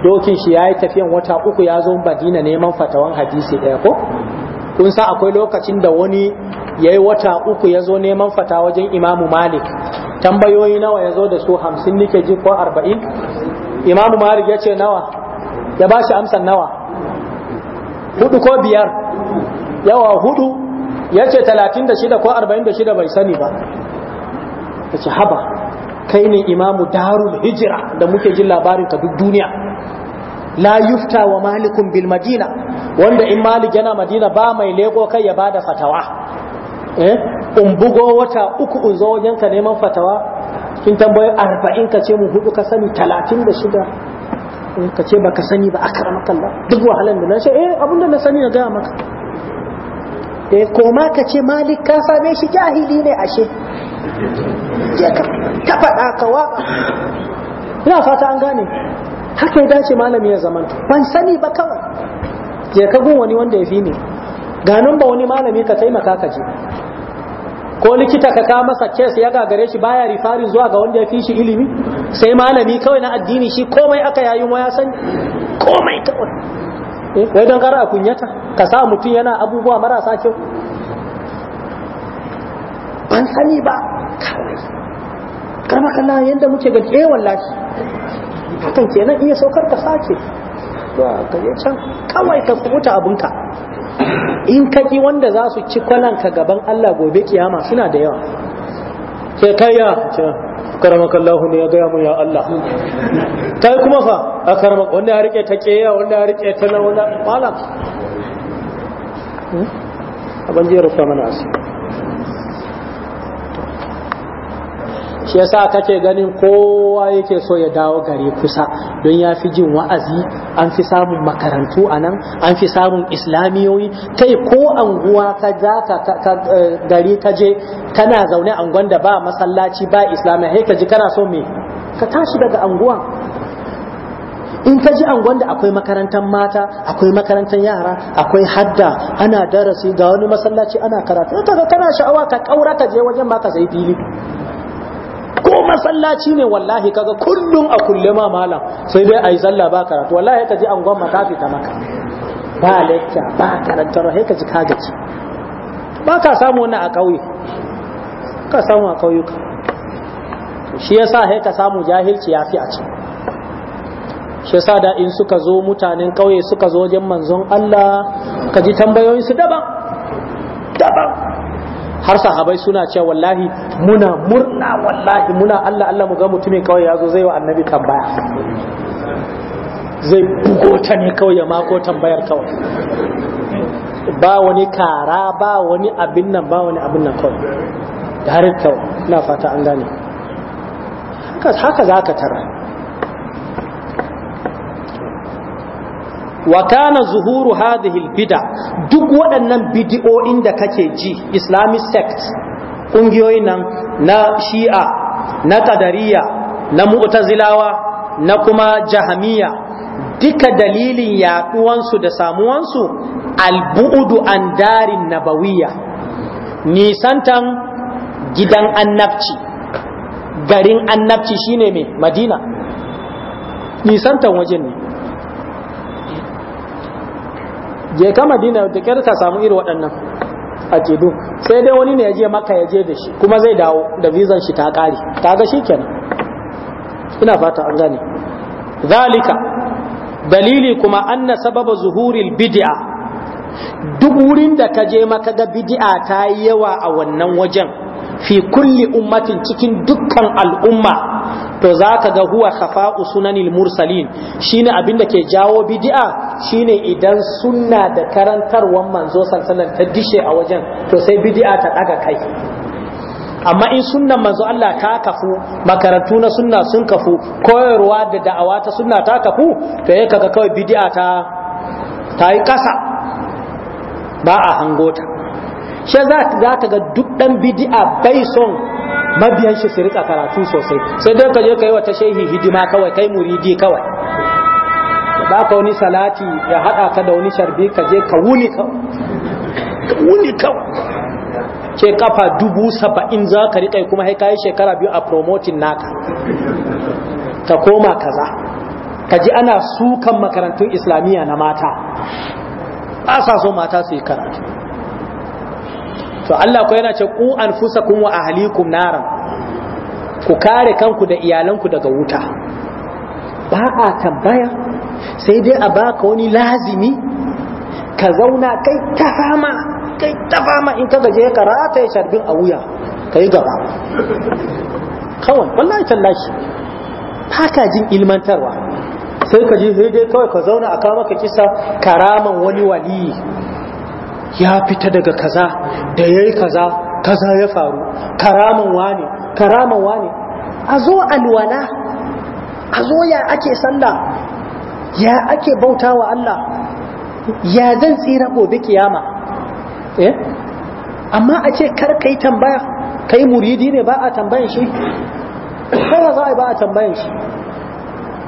dokin shi yayi tafiyan wata uku ya zo Madina neman fatawan hadisi daya ko kun sa akwai lokacin da wani yayi wata uku ya zo neman fata wajen imam Malik tambayoyi nawa ya zo da su hamsin nike ji ko arba'in imam Malik ya ce nawa ya ba shi amsan nawa hudu ko biyar yawa hudu ya ce talatin da shida ko arba'in da shida bai sani ba ta ce haba kai ne imamu darul hijira da muke jin labarin ka duk duniya la yufta wa malikun bil madina wanda in malik yana madina ba mai leko kai ya bada fatawa eh in bugo wata uku in zo wajenka neman fatawa kin tambayi arba'in ka ce mu hudu ka sani talatin da eh, ka ce baka sani ba akramaka Allah duk wahalan da na ce eh abinda na sani na gaya maka eh koma ka ce malik ka same shi jahili ne ashe hujja ka faɗa ka waƙa ina fata an gane haka ya dace malami ya zamanta ban sani ba kawai je ka gun wani wanda ya fi ne nan ba wani malami ka taimaka ka je ko likita ka kawo masa kes ya gagare shi baya rifari zuwa ga wanda ya fi shi ilimi sai malami kawai na addini shi komai aka yayi ma ya sani komai kawai eh, wai don kar a kunyata ka sa mutum yana abubuwa marasa kyau ban sani ba kawai kana kana yadda muke ga eh wallahi hakan kenan iya saukar ka sake ka je can kawai ka kubuta abinka in ka ki wanda za su ci kwanan ka gaban Allah gobe kiyama suna da yawa ke kaiya ya karamakallahu ne ya gaya mu ya Allah ta yi kuma fa a karamak wanda ya rike ta keya wanda ya rike ta na wanda malam hmm? abin jiya rufa mana asiri shi yasa kake ganin kowa yake so ya dawo gare kusa don ya fi jin wa'azi an fi samun makarantu a nan an fi samun islamiyoyi kai ko anguwa ka za ka eh, gari ka je kana zaune anguwan da ba masallaci ba islamiyya sai ka ji kana so me ka tashi daga anguwa. in ka ji anguwan da akwai makarantar mata akwai makarantar yara akwai hadda ana darasi ga wani masallaci ana karatu kana sha'awa ka kaura ka je wajen ma ka sai fili masallaci ne wallahi kaga kullum a kulle ma malam sai dai ayi zalla ba karatu wallahi kaji an gwamma ta fita maka ba lecture ba karantar sai kaji ka gaci ba ka samu wannan a kauye ka samu a kauyuka shi yasa sai ka samu jahilci yafi a ci shi yasa da in suka zo mutanen kauye suka zo wajen manzon Allah kaji tambayoyin su daban daban har sahabai suna cewa wallahi muna murna wallahi muna Allah Allah mu ga mutumin kawai ya zo zai wa annabi tambaya zai bugo ta ne kawai ya mako tambayar kawai ba wani kara ba wani abin nan ba wani abin nan kawai da harin kawai ina fata an gane haka za ka tara wa kana zuhuru hadhihi albid'a duk waɗannan bid'o'in da kake ji islamic sect kungiyoyin nan na shi'a na qadariya na mu'tazilawa na kuma jahamiya duka dalilin yaduwansu da samuwansu albu'du an darin nabawiyya nisantan gidan annabci garin annabci shine mai madina nisantan wajen ne je ka madina da kyar ka samu iri waɗannan akidu sai dai wani ne ya je maka ya je da shi kuma zai dawo da vizan shi ta ƙare shi shikenan ina fata an gane zalika dalili kuma anna sababa zuhuril bidi'a duk wurin da ka je maka ga bidi'a ta yi yawa a wannan wajen fi kulli ummatin cikin dukkan al'umma to za ka ga huwa khafa'u sunanil mursalin shine abinda ke jawo bid'a shine idan sunna da karantarwan manzo sallallahu ta dishe a wajen to sai bid'a ta daga kai amma in sunnan manzo Allah ta kafu makarantu na sunna sun kafu koyarwa da da'awa ta sunna ta kafu to yayin kaga kawai bid'a ta ta yi kasa ba a hangota shi za ka ga duk ɗan bidi'a bai son mabiyan shi su rika karatu sosai sai dai ka je ka yi wata shehi hidima kawai kai muridi kawai ba ka wani salati ya haɗa ka da wani sharbi ka je ka wuni wuni kawai ke kafa dubu saba'in za ka riƙa kuma haika yi shekara biyu a promotin naka ka koma kaza ka ji ana sukan makarantun islamiyya na mata ba sa so mata su yi karatu to Allah ko yana ce ku anfusakum wa ahlikum naran ku kare kanku da iyalanku daga wuta ba a tambaya sai dai a baka wani lazimi ka zauna kai ta fama kai ta fama in ka gaje ka rata ya sharbin a wuya kai gaba kawai wallahi tallashi ba ka jin ilmantarwa sai ka ji sai dai kawai ka zauna a kama ka kisa karaman wani waliyi ya fita daga kaza da ya yi kaza kaza ya faru karaman wane karaman wane a zo alwala a zo ya ake sallah ya ake bauta wa Allah ya zan tsira gobe kiyama eh amma a ce kar kai tambaya kai muridi ne ba a tambayan shi kada za a ba a tambayan shi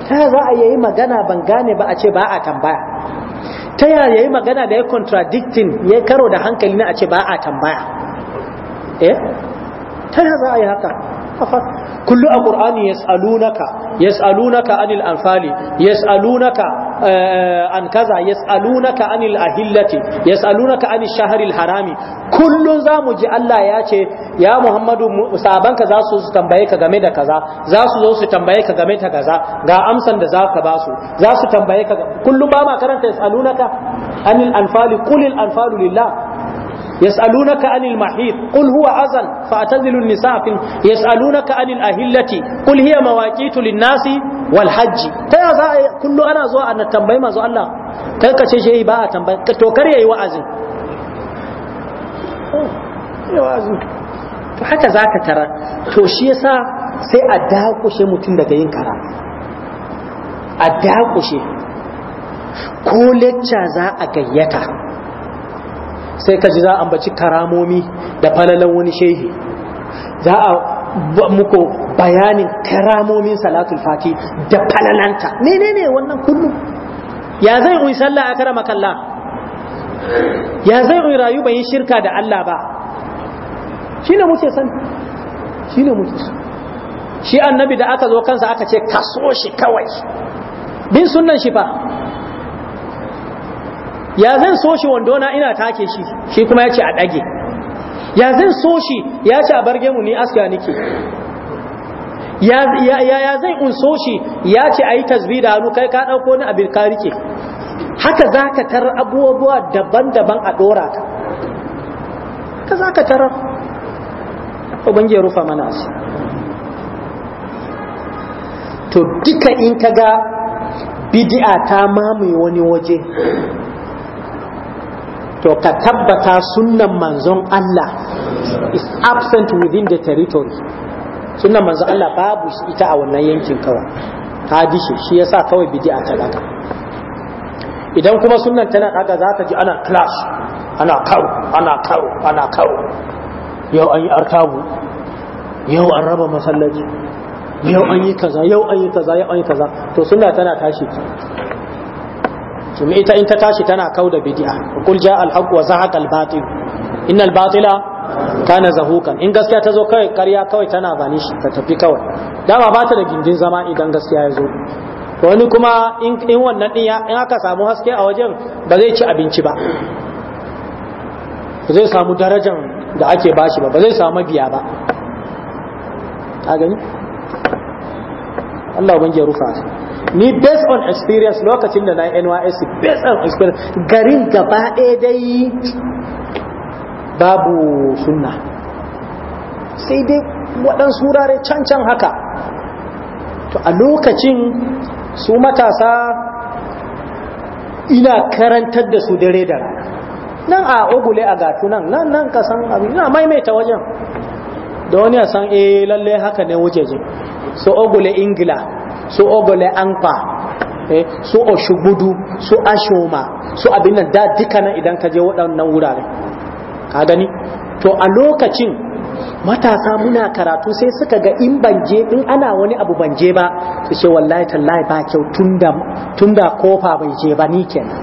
ta za a yi magana ban gane ba a ce ba a tambaya ta yaya yi magana da ya contradicting ya karo da hankali na a ce ba a tambaya eh ta yaya za a yi haka kullu a naka yas'alunaka yas'alunaka anil anfali naka. an kaza yas'alunaka anil ahillati yas'alunaka harami kullun zamu ji Allah ya ce ya Muhammadu sabanka za su tambaye ka game da kaza za su zo su tambaye ka game da kaza ga amsan da za ka ba su za su tambaye ka kullum ba ma karanta yas'alunaka anil anfali qulil anfalu lillah يسألونك عن المحيط قل هو أذن فأتذلوا النساء يسألونك عن الأهلة قل هي مواقيت للناس والحج تيا كل أنا زوا أن التنبيه ما زوا الله تيا كشيء باء تنبيه توكري أي وأذن to haka za ka tara to shi yasa sai a dakushe mutum daga yin kara a dakushe ko lecca za a gayyata sai ka ji za a ambaci karamomi da falalan wani shehi za a muku bayanin karamomin salatul fati da falalanta menene wannan kullum ya zai yi sallah a karama kalla ya zai yi rayu bai shirka da Allah ba shine muke san shine muke san shi annabi da aka zo kansa aka ce kaso shi kawai bin sunan shi fa ya zan so shi wando na ina take shi shi kuma ya ce a ɗage ya zan so shi ya ce a barge mu ni aska nike ya zan so shi ya ce a yi tasbi da hannu kai ka ɗauko ni abin ka rike haka za ka tarar abubuwa daban-daban a ɗora ka haka za ka tarar ubangi ya rufa mana su to duka in ka ga bidi'a ta mamaye wani waje to ka tabbata sunnan manzon Allah is absent within the territory sunnan manzon Allah babu ita a wannan yankin kawai hadishe shi yasa kawai bid'a ta daga idan kuma sunnan tana daga za ka ji ana clash ana karo ana karo ana karo yau an yi artabu yau an raba masallaci yau an yi kaza yau an yi kaza yau an yi kaza to sunna tana tashi domin ita in ta tashi tana kau da bid'a kul ja al-haqq wa zahaq al-batil al batila kana zahukan in gaskiya ta zo kai ƙarya kawai tana bani shi ta tafi kawai dama ba ta da gindin zama idan gaskiya ya zo wani kuma in wannan din in aka samu haske a wajen ba zai ci abinci ba ba zai samu darajar da ake bashi ba ba zai samu biya ba ka gani Allah ubangiji ya rufa ni based on experience lokacin da na NYSC based on experience garin gaba ɗaya dai babu sunna sai dai waɗansu wurare can can haka to a lokacin su matasa ina karantar da su dare da nan a ogule a gatu nan nan nan ka san abin na maimaita wajen da wani a san eh lalle haka ne wuce so ogule ingila su ogole eh, su oshugudu su ashoma su abin nan da dukkanin idan ka je waɗannan wurare ka gani to a lokacin matasa muna karatu sai suka ga in banje in ana wani abu banje ba su ce wallahi tallahi ba kyau tunda kofa bai je ba ni kenan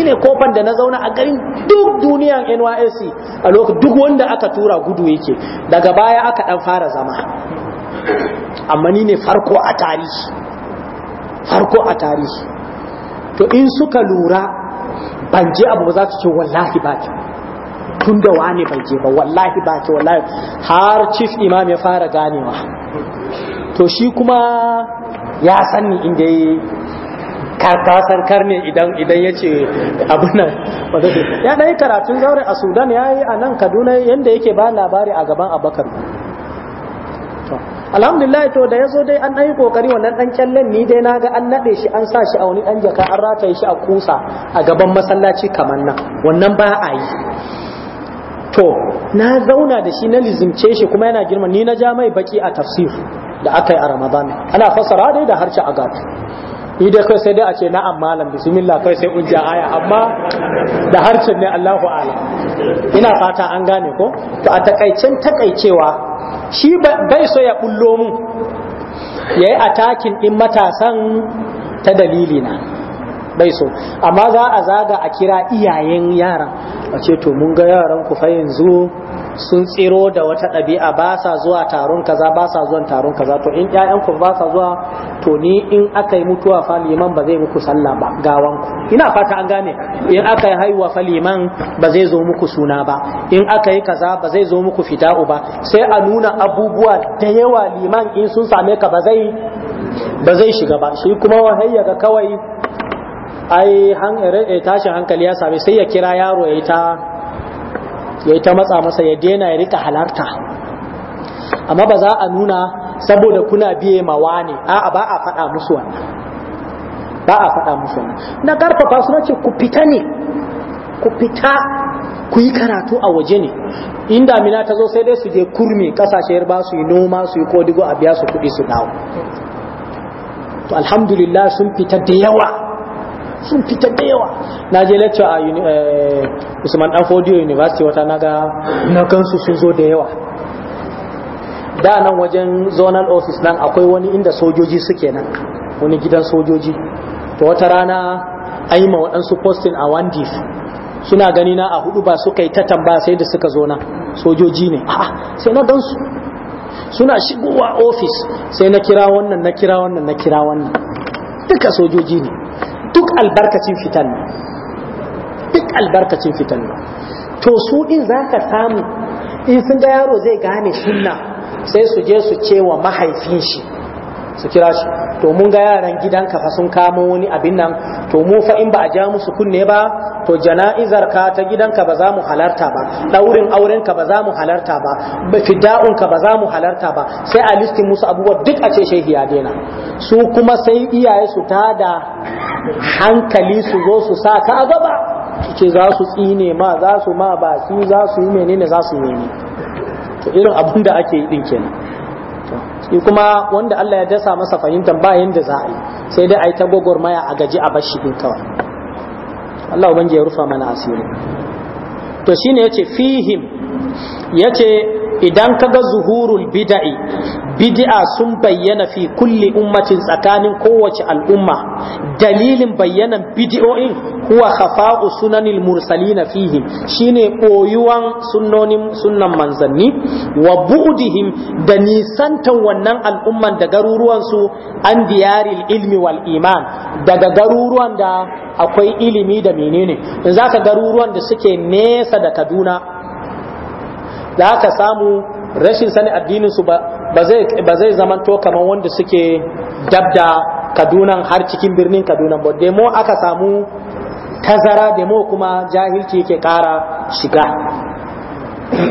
ine kofar da na zauna a garin duk duniyan NYSC a lokacin duk wanda aka tura gudu yake daga baya aka dan fara zama amma ni ne farko a tarihi farko a tarihi to in suka lura ban je abu ba za su ce wallahi ba ki tun da wane ban je ba wallahi ba ki wallahi har chief imam ya fara ganewa to shi kuma ya sani inda yi kasar karne idan idan ya ce abinan ya ɗaya karatun zaure a sudan ya yi a nan kaduna yadda yake ba labari a gaban abakar alhamdulillah to da ya zo dai an ɗan yi kokari wannan dan ƙyallen ni dai na ga an naɗe shi an sa shi a wani dan jaka an rataye shi a kusa a gaban masallaci kamar nan wannan ba a yi to na zauna da shi na lizimce shi kuma yana girma ni na ja mai baki a tafsir da aka yi a ramadan ana fassara dai da harshe a gaba ni dai kai sai dai a ce na'am malam bismillah kai sai unja aya amma da harshen ne Allahu a'lam ina fata an gane ko to a takaicen takaicewa shi bai so ya bullo mu ya yi atakin ɗin matasan ta dalili na bai so amma za a zaga a kira iyayen yaran a ce to mun ga yaran ku fa yanzu sun tsiro da wata ɗabi'a ba sa zuwa taron kaza ba sa zuwan taron kaza to in ƴaƴanku ba sa zuwa to ni in aka yi mutuwa fa liman ba zai muku sallah ba gawanku ina fata an gane in aka yi haihuwa fa liman ba zai zo muku suna ba in aka yi kaza ba zai zo muku fida'u ba sai a nuna abubuwa da yawa liman in sun same ka ba zai ba zai shiga ba shi kuma wahayya ga kawai ai eh, tashin hankali ya same sai ya kira yaro ya yi ta ya yi ta matsa masa ya daina ya rika halarta amma ba za a nuna saboda kuna biye mawa ne a'a ba a faɗa musu wannan ba a faɗa musu wannan na karfafa su nace ku fita ne ku fita ku yi karatu a waje ne in damina ta zo sai dai su je kurmi kasashe ba su yi noma su yi kodigo a biya su kuɗi su dawo to alhamdulillah sun fita da yawa sun fita da yawa na je lecture a eh, usman dan fodiyo university wata naga na kansu sun zo da yawa da nan wajen zonal office nan akwai wani inda sojoji suke nan wani gidan sojoji to wata rana an yi ma waɗansu postin a wandis suna gani na a hudu ba suka yi ta tambaya sai da suka zo na sojoji ne a'a sai na gansu suna shigowa ofis sai na kira wannan na kira wannan na kira wannan duka sojoji ne duk albarkacin fitan duk albarkacin fitan to su din zaka samu in sun ga yaro zai gane sunna sai su je su cewa mahaifin shi su kira shi to mun ga yaran gidanka fa sun kamo wani abin nan to mu fa in ba a ja musu kunne ba to jana'izar ka ta gidanka ba za mu halarta ba daurin auren ka ba za mu halarta ba fida'un ka ba za mu halarta ba sai a listi musu abubuwa duk a ce shehi ya daina su kuma sai iyaye su da hankali su zo su sa ka a gaba ce za su tsine ma za su ma su za su yi menene za su yi ne to irin abin da ake yi din kenan shi kuma wanda Allah ya dasa masa fahimtar ba yanda za a yi sai dai a yi ta gwagwarmaya a gaji a bashi din kawai Allah ubangiji ya rufa mana asiri to shine yace fihim yace idan kaga zuhurul bida'i bid'a sun bayyana fi kulli ummatin tsakanin kowace al'umma dalilin bayyanan bid'o'in huwa khafa'u sunanil mursalina fihim shine koyuwan sunnonin sunnan manzanni wa bu'dihim da nisantan wannan al'umman da garuruwan su an diyaril ilmi wal iman daga garuruwan da akwai ilimi da menene in zaka garuruwan da suke nesa da Kaduna da aka samu rashin sani addinin su ba zai zaman to kamar wanda suke dabda kaduna har cikin birnin kaduna ba demo aka samu tazara demo kuma jahilci ke kara shiga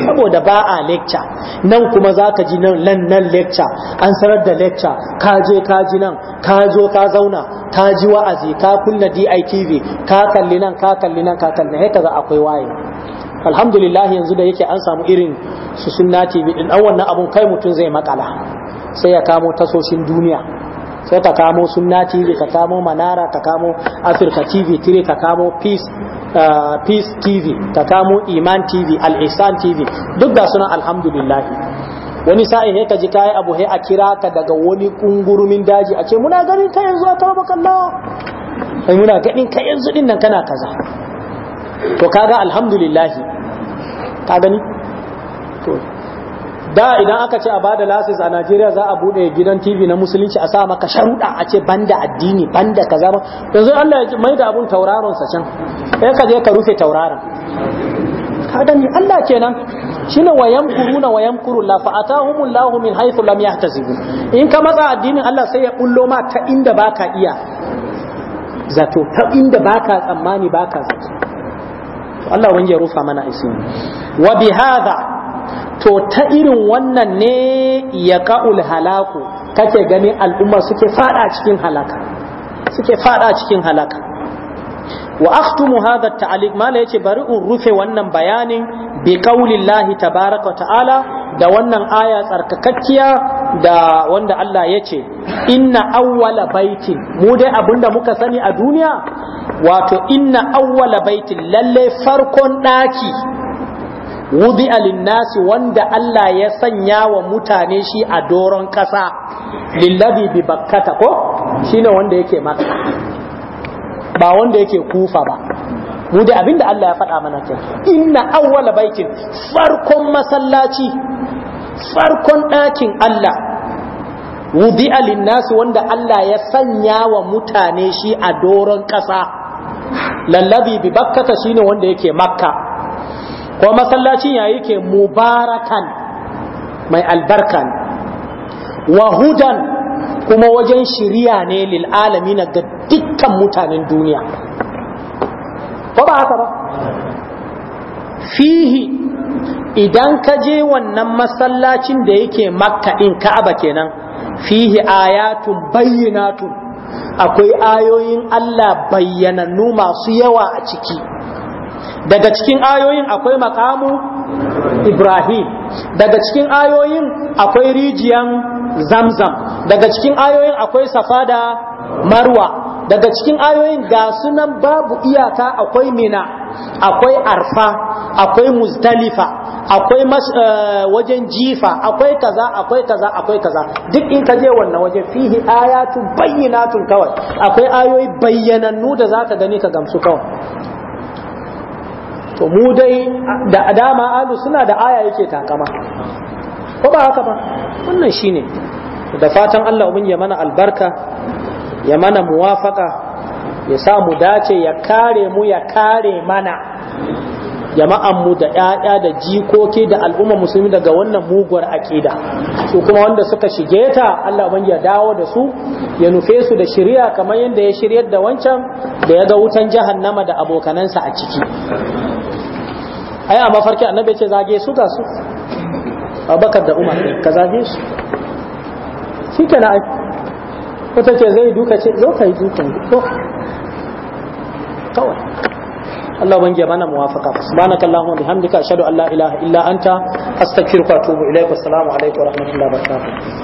saboda ba a lecture nan kuma za ka ji nan nan lecture an sanar da lecture ka je ka ji nan ka zo ka zauna ka ji wa'azi ka kunna DITV ka kalli nan ka kalli nan ka kalli haka za akwai waye alhamdulillah yanzu da yake an samu irin su sunna tv din dan wannan abun kai mutum zai makala sai ya kamo tasoshin duniya sai ka kamo sunna tv ka kamo manara ka kamo africa tv 3 ka kamo peace uh, peace tv ka kamo iman tv al ihsan tv duk da suna alhamdulillah wani sa'in ne ka ji kai abu a kira ka daga wani kungurumin daji a ce muna ganin ka yanzu a tawakkal Allah muna ganin ka yanzu din nan kana kaza to kaga alhamdulillahi ka gani to da idan aka ce a bada lasis a Najeriya za a bude gidan TV na musulunci a sa maka sharuɗa a ce banda addini banda kaza ba yanzu Allah ya mai da abun tauraron sa can sai ka je ka rufe tauraron ka gani Allah kenan shine wayan kuruna wayan kurulla fa atahumul lahu min haythu lam yahtasibu in ka matsa addinin Allah sai ya bullo ma ta inda baka iya zato ta inda baka tsammani baka zato Allah wani ya rufa mana asiri wa bi hadha to ta irin wannan ne ya ka'ul halaku kake ganin al'umma suke fada cikin halaka suke fada cikin halaka wa akhtumu hadha at-ta'liq la yace bari in rufe wannan bayanin bi llahi tabaaraka ta'ala da wannan aya tsarkakakkiya da wanda Allah yace inna awwala baitin mu dai abinda muka sani a duniya wato inna awwala baitin lalle farkon daki wudi alinnasi wanda Allah ya sanya wa mutane shi a doron kasa lillabi bi bakkata ko shine wanda yake maka ba wanda yake kufa ba mu da abin Allah ya faɗa mana kai inna awwala baitin farkon masallaci farkon ɗakin Allah wudi'a linnasi wanda Allah ya sanya wa mutane shi a doron ƙasa lallabi bi bakkata shine wanda yake makka ko masallacin ya yake mubarakan mai albarkan wa hudan kuma wajen shirya ne lil na ga dukkan mutanen duniya ko ba haka ba fihi idan ka je wannan masallacin da yake makka in ka'aba kenan fihi ayatun bayyanatu akwai ayoyin Allah bayyanannu masu yawa a ciki daga cikin ayoyin akwai makamu Ibrahim daga cikin ayoyin akwai rijiyan zamzam daga cikin ayoyin akwai safa da marwa daga cikin ayoyin ga sunan babu iyaka akwai mina akwai arfa akwai muzdalifa akwai eh, wajen jifa akwai kaza akwai kaza akwai kaza duk in ka je wannan waje fihi ayatu bayyinatun kawai akwai ayoyi bayyanannu da zaka gani ka gamsu kawai to mu dai da dama alu suna da aya yake takama ko ba haka ba wannan shine da fatan Allah ubin ya mana albarka ya mana muwafaka ya sa mu dace ya kare mu ya kare mana jama'an mu da 'ya'ya da jikoki da al'umma musulmi daga wannan muguwar aƙida su kuma wanda suka shige ta Allah ya dawo da su ya nufe su da shirya kamar yadda ya shiryar da wancan da ya ga wutan jahannama da abokanansa a ciki ai amma farki annabi ce zage su ga su abubakar da umar ɗin ka zage shi shi ke na aiki wata ce zai duka ce zo ka yi dukan ko kawai Allah bangi ya bana muwafaka subhanaka allahumma bihamdika ashhadu an la ilaha illa anta astaghfiruka wa atubu ilaik wa assalamu alaikum wa rahmatullahi wa barakatuh